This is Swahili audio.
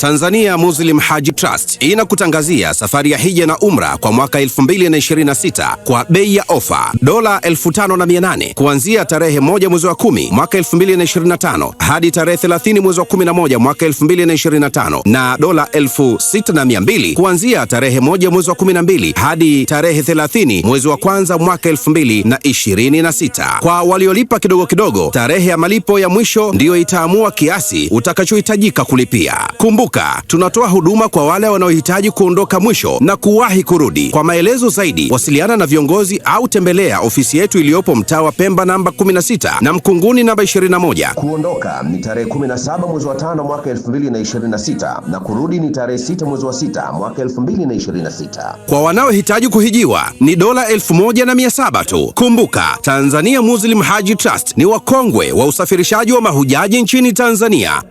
Tanzania Muslim Hajj Trust inakutangazia safari ya hija na umra kwa mwaka 2026 kwa bei ya ofa dola 5800 kuanzia tarehe moja mwezi wa kumi mwaka 2025 hadi tarehe 30 mwezi wa 11 mwaka 2025 na dola 6200 kuanzia tarehe moja mwezi wa 12 hadi tarehe 30 mwezi wa kwanza mwaka 2026. Kwa waliolipa kidogo kidogo, tarehe ya malipo ya mwisho ndiyo itaamua kiasi utakachohitajika kulipia. Kumbuka Kumbuka, tunatoa huduma kwa wale wanaohitaji kuondoka mwisho na kuwahi kurudi. Kwa maelezo zaidi, wasiliana na viongozi au tembelea ofisi yetu iliyopo mtaa wa Pemba namba 16 na Mkunguni namba 21. Kuondoka ni tarehe 17 mwezi wa 5 mwaka 2026 na kurudi ni tarehe 6 mwezi wa 6 mwaka 2026. Kwa wanaohitaji kuhijiwa ni dola 1700 tu. Kumbuka, Tanzania Muslim Haji Trust ni wakongwe wa usafirishaji wa mahujaji nchini Tanzania.